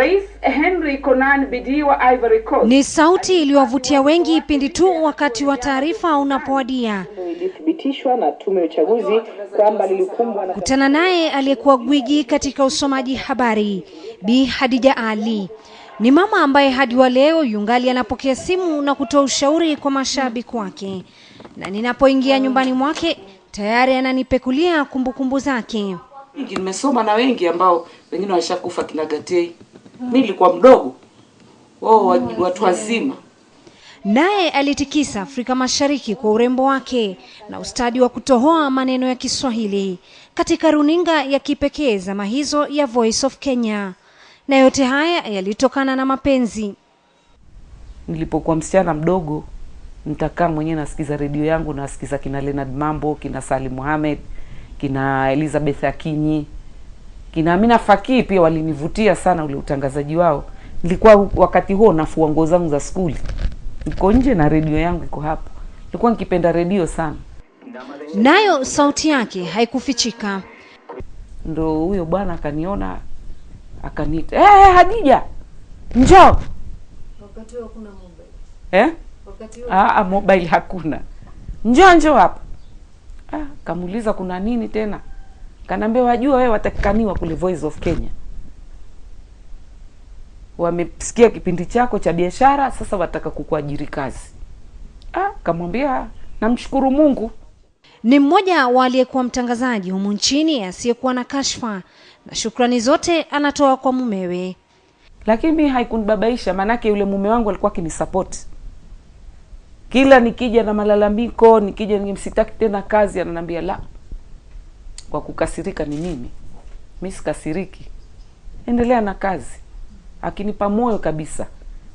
Rais Henry Konan Bidii wa Ivory Coast ni sauti iliyowavutia wengi pindi tu wakati wa taarifa unapowadia ilithibitishwa na tume ya uchaguzi kwamba lilikumbwa na kutana naye aliyekuwa gwiji katika usomaji habari Bi Hadija Ali ni mama ambaye hadi wa leo yungali anapokea simu na kutoa ushauri kwa mashabiki wake, na ninapoingia nyumbani mwake tayari ananipekulia kumbukumbu zake. Nimesoma na wengi ambao wengine washakufa kinagatei mimi nilikuwa mdogo, wao mm, watu wazima. Naye alitikisa Afrika Mashariki kwa urembo wake na ustadi wa kutohoa maneno ya Kiswahili katika runinga ya kipekee zama hizo ya Voice of Kenya, na yote haya yalitokana na mapenzi. Nilipokuwa msichana mdogo, nitakaa mwenyewe nasikiza redio yangu, nasikiza kina Leonard Mambo, kina Salim Mohamed, kina Elizabeth Akinyi Kina Amina Fakii pia walinivutia sana ule utangazaji wao. Nilikuwa wakati huo nafua nguo zangu za skuli, niko nje na redio yangu iko hapo. Nilikuwa nikipenda redio sana, nayo sauti yake haikufichika. Ndo huyo bwana akaniona, akaniita hey, eh, eh, Hadija njoo. Wakati huo kuna mobile eh? Wakati huo ah, ah, mobile hakuna. Njoo njoo hapa. Ah, kamuuliza kuna nini tena kanaambia wajua wewe watakikaniwa kule Voice of Kenya wamesikia kipindi chako cha biashara, sasa wataka kukuajiri kazi. Ah, kamwambia namshukuru Mungu. Ni mmoja wa aliyekuwa mtangazaji humu nchini asiyekuwa na kashfa, na shukrani zote anatoa kwa mumewe. Lakini mi haikunibabaisha, maanake yule mume wangu alikuwa akinisapoti kila nikija na malalamiko, nikija nimsitaki tena kazi, ananiambia la kwa kukasirika ni mimi. Mi sikasiriki, endelea na kazi. Akinipa moyo kabisa,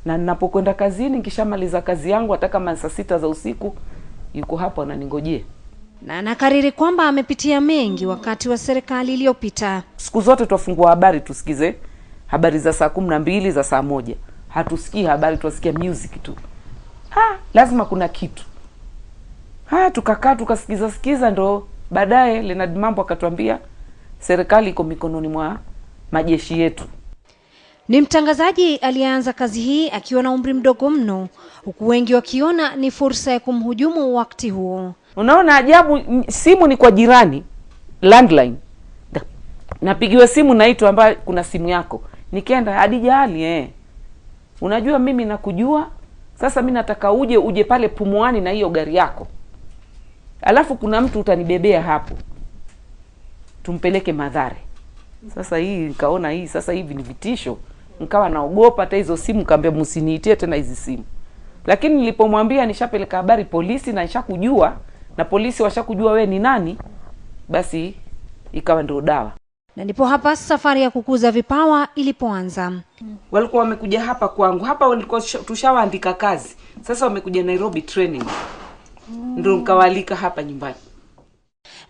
na ninapokwenda kazini, nikishamaliza kazi yangu, hata kama saa sita za usiku, yuko hapo ananingojea na anakariri kwamba amepitia mengi wakati wa serikali iliyopita. Siku zote twafungua habari tusikize habari za saa kumi na mbili za saa moja, hatusikii habari, twasikia music tu. Ha, lazima kuna kitu. Ha, tukakaa tukasikiza sikiza ndo Baadaye Leonard Mambo akatuambia serikali iko mikononi mwa majeshi yetu. Ni mtangazaji aliyeanza kazi hii akiwa na umri mdogo mno, huku wengi wakiona ni fursa ya kumhujumu wakati huo. Unaona ajabu, simu ni kwa jirani, landline, napigiwa simu, naitwa ambayo kuna simu yako, nikienda Hadija Ali, eh, unajua mimi nakujua, sasa mi nataka uje uje pale pumwani na hiyo gari yako alafu kuna mtu utanibebea hapo tumpeleke Madhare. Sasa hii nikaona hii sasa hivi ni vitisho, nkawa naogopa hata hizo simu, kaambia msiniitie tena hizi simu. Lakini nilipomwambia nishapeleka habari polisi na nishakujua na polisi washakujua we ni nani, basi ikawa ndio dawa. Na ndipo hapa safari ya kukuza vipawa ilipoanza. Walikuwa wamekuja hapa kwangu, hapa tushawaandika kazi, sasa wamekuja Nairobi training ndo nkawalika hapa nyumbani.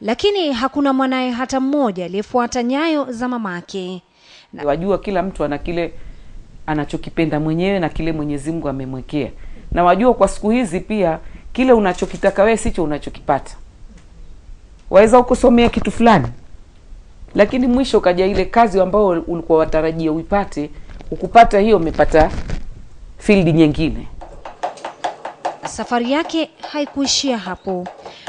Lakini hakuna mwanaye hata mmoja aliyefuata nyayo za mamake. Na... wajua kila mtu ana kile anachokipenda mwenyewe na kile Mwenyezi Mungu amemwekea, na wajua kwa siku hizi pia kile unachokitaka wewe sicho unachokipata. Waweza ukosomea kitu fulani, lakini mwisho kaja ile kazi ambayo ulikuwa watarajia uipate, ukupata hiyo, umepata field nyingine. Safari yake haikuishia hapo.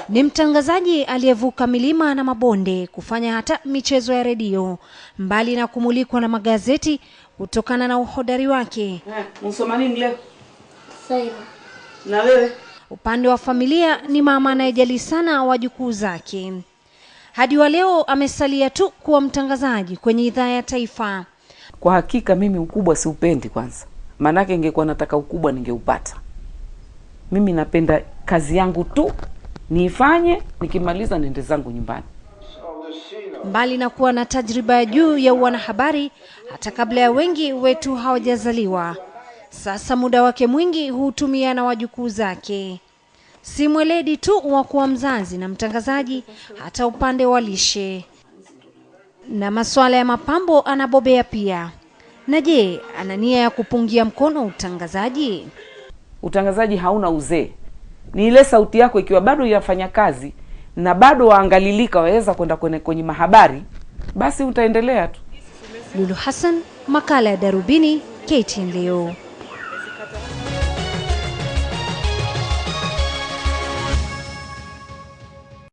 Ni mtangazaji aliyevuka milima na mabonde kufanya hata michezo ya redio, mbali na kumulikwa na magazeti kutokana na uhodari wake. Msoma eh, nini leo? Na wewe? Upande wa familia ni mama anayejali sana wajukuu zake. Hadi wa leo amesalia tu kuwa mtangazaji kwenye idhaa ya taifa. Kwa hakika mimi ukubwa siupendi kwanza, maanake ingekuwa nataka ukubwa ningeupata mimi napenda kazi yangu tu niifanye, nikimaliza niende zangu nyumbani. Mbali na kuwa na tajriba ya juu ya wanahabari hata kabla ya wengi wetu hawajazaliwa, sasa muda wake mwingi huutumia na wajukuu zake. Si mweledi tu wa kuwa mzazi na mtangazaji, hata upande wa lishe na masuala ya mapambo anabobea pia. Na je, ana nia ya kupungia mkono utangazaji? utangazaji hauna uzee, ni ile sauti yako ikiwa bado inafanya kazi na bado waangalilika, waweza kwenda kwenye, kwenye mahabari, basi utaendelea tu. Lulu Hassan, makala ya Darubini, KTN leo.